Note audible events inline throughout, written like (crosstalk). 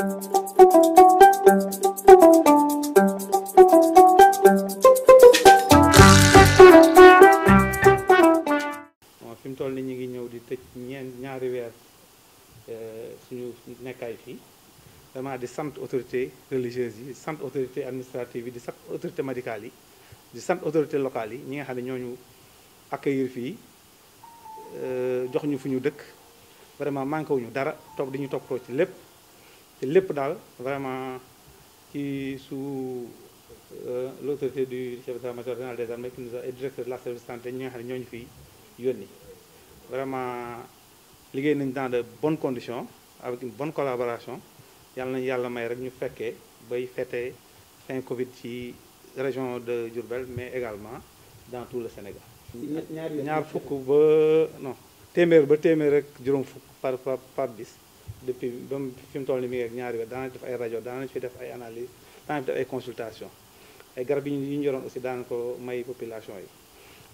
moom fi mu toll ni ñu ngi ñëw di tëj ñeen ñaari weer eh, suñu nekkaay fii vraiment di sant autorité religieuse yi di sant autorité administrative yi di sant autorité médicale yi di sant autorité locale yi ñi nga xam ne ñooñu accueillir fii eh, jox ñu fu ñu dëkk vraiment manqué wuñu dara toog di ñu toppatoo ci lépp te lépp daal vraiment ci sous euh, l'autorité du chef d'état-major général des armées qui nous a et directeur la service santé ñi nga xam ne ñooñu fi yónni vraiment liggéey nañ dans de bonnes conditions avec une bonne collaboration yàlla nañu yàlla may rek ñu fekkee bay fêter cinq Covid ci région de Diourbel mais également dans tout le Sénégal. ñaar fukk ba non téeméer ba téeméer rek juróom fukk par par par bis. depuis ba mu fi mu toll nii mi ngi ak ñaari weer daanañ def ay rajo daanañ fi def ay analyse daanañ def ay consultation ay garab yi ñu yoroon aussi daanañ ko may population yi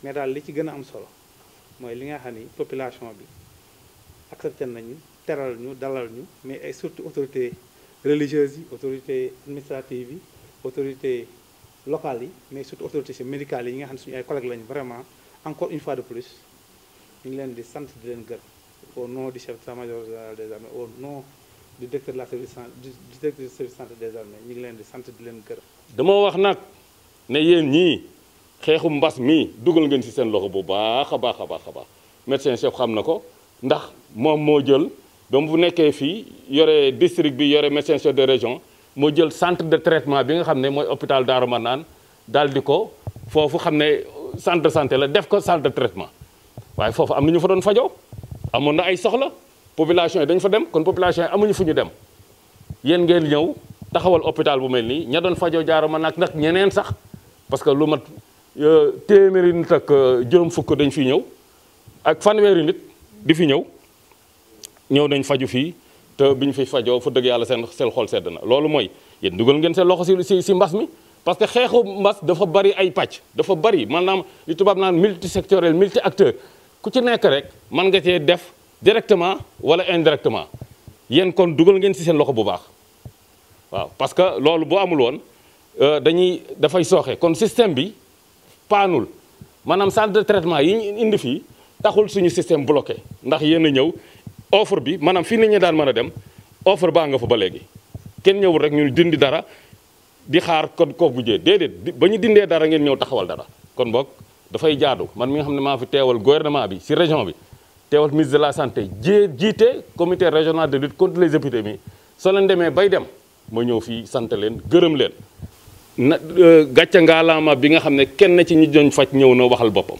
mais daal li ci gën a am solo mooy li nga xam ni population bi accepté nañu teral ñu dalal ñu mais ay surtout autorités religieuses yi autorités administratives yi autorités locales yi mais surtout autorités médicales yi nga xam ne suñu ay collègues lañu vraiment encore une fois de plus ñu ngi leen di sant di leen gërëm au non du chef d'état-major général des armées au nom de la service du directeur du service santé des armées ngi leen di sant di leen gërëm. dama wax nag ne yéen ñii xeexu mbas mi dugal ngeen si seen loxo bu baax a baax a baax a baax médecin chef xam na ko ndax moom moo jël ba mu nekkee fii yore district bi yore médecin chef de région moo jël centre de traitement bi nga xam ne mooy hôpital Darou naan daal di ko foofu xam ne centre de santé la def ko centre de traitement waaye foofu am na ñu fa doon fajoo. amoon na ay soxla population yi dañ fa dem kon population yi amuñu fu ñu dem yéen ngeen ñëw taxawal hôpital bu mel nii ña fajoo jaaro ma nag nag ñeneen sax parce que lu mat euh, téeméeri nit ak euh, juróom fukk dañ fi ñëw ak fanweeri nit di fi ñëw ñëw nañ faju fii te bi ñu fi fajoo fa dëgg yàlla seen seen xol sedd na loolu mooy yéen dugal ngeen seen loxo si si si mbas mi parce que xeexu mbas dafa bari ay pàcc dafa bari maanaam li tubaab naan multi sectoriel multi acteur ku ci nekk rek man nga cee def directement wala indirectement yéen kon dugal ngeen ci seen loxo bu baax waaw parce que loolu boo amul woon euh, dañuy dafay sooxe kon système bi paanul maanaam centre de traitement yi ñu indi fii taxul suñu système bloqué ndax yéen a ñëw offre bi maanaam fii nit ñi daan mën a dem offre baa nga fa ba léegi kenn ñëwul rek ñu dindi dara di xaar kon koo gujjee déedéet ba ñu dindee dara ngeen ñëw taxawal dara kon boog dafay jaadu man mi nga xam ne maa fi teewal gouvernement bi ci région bi teewal ministre de la santé jé jiite comité régional de lutte contre les épidémies soo leen demee bay dem ma ñëw fii sant leen gërëm leen na euh, gàcce ngaalaama bi nga xam ne kenn ci ñu doon faj ñëw na waxal boppam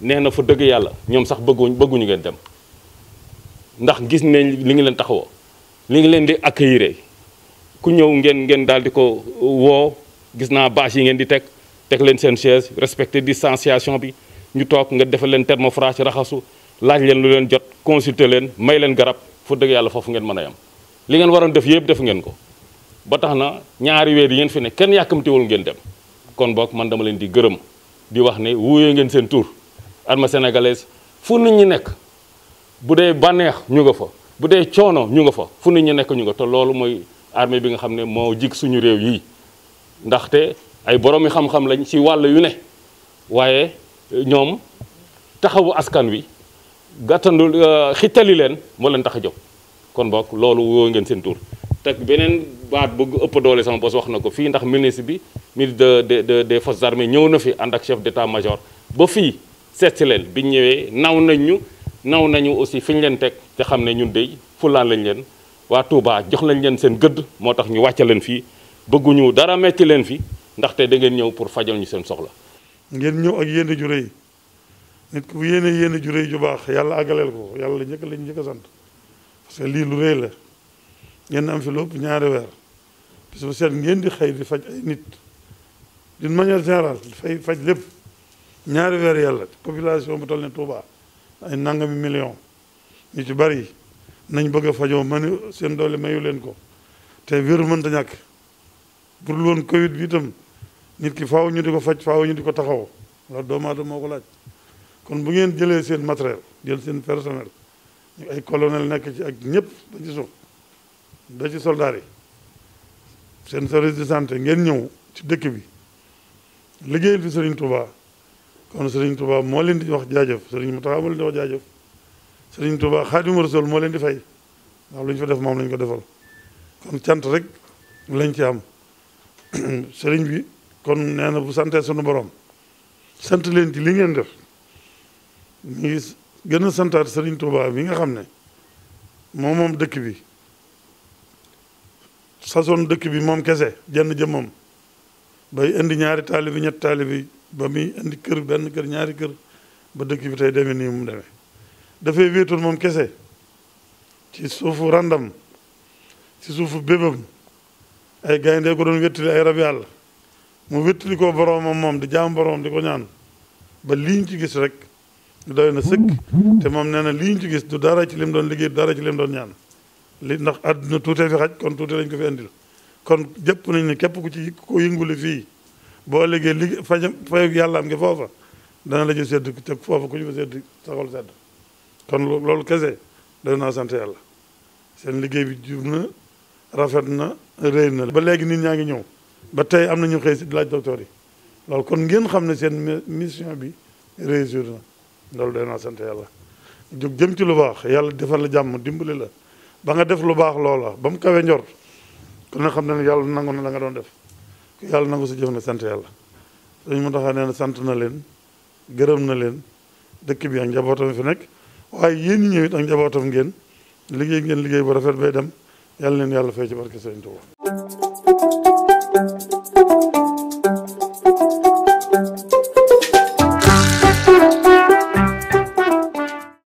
nee na fu dëgg yàlla ñoom sax bëgguñ bëgguñu ngeen dem ndax gis nañ li ngi leen taxawoo li ngi leen di accueillir ku ñëw ngeen ngeen daal di ko woo gis naa bâche yi ngeen di teg teg leen seen chaise respecté distanciation bi ñu toog nga defal leen thermofraîche raxasu laaj leen lu leen jot consulter leen may leen garab fu dëgg yàlla foofu ngeen mën a yem li ngeen waroon def yëpp def ngeen ko ba tax na ñaari weer yi ngeen fi ne kenn yàkkamtiwul ngeen dem kon boog man dama leen di gërëm di wax ne wuyee ngeen seen tur armée sénégalaise fu nit ñi nekk bu dee bànneex ñu nga fa bu dee coono ñu ngi fa fu nit ñi nekk ñu nga te loolu mooy armée bi nga xam ne moo jig suñu réew yi ay boroomi xam-xam lañ ci wàll yu ne waaye euh, ñoom taxawu askan wi gàttandul euh, xittali leen moo leen tax a kon bokk loolu woo ngeen seen tur teg beneen baat bëgg ëpp doole sama bos wax na ko fii ndax ministre bi ministre de de des forces armées ñëw na fi ànd ak chef d'état major ba fii seet si leen biñ ñëwee naw nañ ñu naw nañu aussi fi ñu leen teg te xam ne ñun de fulaan lañ leen waa Touba jox lañ leen seen gëdd moo tax ñu wàcce leen fii bëgguñu dara metti leen fi ndaxte da ngeen ñëw pour fajal ñu seen soxla. ngeen ñëw ak yéene ju rëy nit ku yéene yéene ju rëy ju baax yàlla aggaleel ko yàlla la njëkk lañu njëkk a sant parce lii lu rëy la ngeen am fi lépp ñaari weer bis bu ngeen di xëy di faj nit d'une manière générale fay faj lépp ñaari weer yàlla population bu toll ne Touba ay nangami million ñu ci bari nañ bëgg a fajoo mani seen doole mayu leen ko te wéru mënta ñàkk pour loon Covid bi tam nit ki faaw ñu di ko faj faaw ñu di ko taxaw loolu doomu aadama moo ko laaj kon bu ngeen jëlee seen matériel jël seen personnel ay colonel nekk ci ak ñëpp ba ci suuf ci soldats yi seen service de santé ngeen ñëw ci dëkk bi liggéeyal fi Serigne Touba kon Serigne Touba moo leen di wax jaajëf Serigne Mountakha moo leen di wax jaajëf Serigne Touba Xaadimu Rasuul moo leen di fay ndax lu ñu fa def moom lañ ko defal kon cant rek lañ ci am (clears throat) Serigne bi. kon nee bu santee sunu borom sant leen ci li ngeen def ñu ngi gën a santaat Serigne Touba bi nga xam ne moom moom dëkk bi sasoon dëkk bi moom kese jenn jëmmam bay indi ñaari taalibi ñett taalibi ba muy indi kër benn kër ñaari kër ba dëkk bi tey demee nii mu demee dafay wéetoon moom kese ci suufu randam ci suufu bébam ay gaynde ko doon wettali ay rab yàlla mu wéttali ko boroomam moom di jaam boroom di ko ñaan ba liñ ci gis rek doy na sëkk te moom nee na liñ ci gis du dara ci lim doon liggéey du dara ci lim doon ñaan li ndax àdduna tuutee fi xaj kon tuute lañ ko fi indil kon jëpp nañ ne képp ku ci ko yëngule fii boo liggéey li faj fayog yàllaam ngi foofa dana la ñu sedd te foofa ku ñu fa sedd saxol sedd kon loolu kese doy naa sant yàlla seen liggéey bi jub na rafet na réy na ba léegi nit ñaa ngi ñëw ba tey am na ñu xëy si di laaj docteur yi loolu kon ngeen xam ne seen mission bi réussir na loolu day naa sant yàlla jóg jëm ci lu baax yàlla defal la jàmm dimbali la ba nga def lu baax loola ba mu kawe njor kon na xam ne yàlla nangu na la nga doon def yàlla nangu sa jëf na sant yàlla sëñ Muntaxa nee na sant na leen gërëm na leen dëkk bi ak njabootam fi nekk waaye yéen ñi ñëwit ak njabootam ngeen liggéey ngeen liggéey bu rafet bay dem yàlla leen yàlla fay ci barke Sëriñ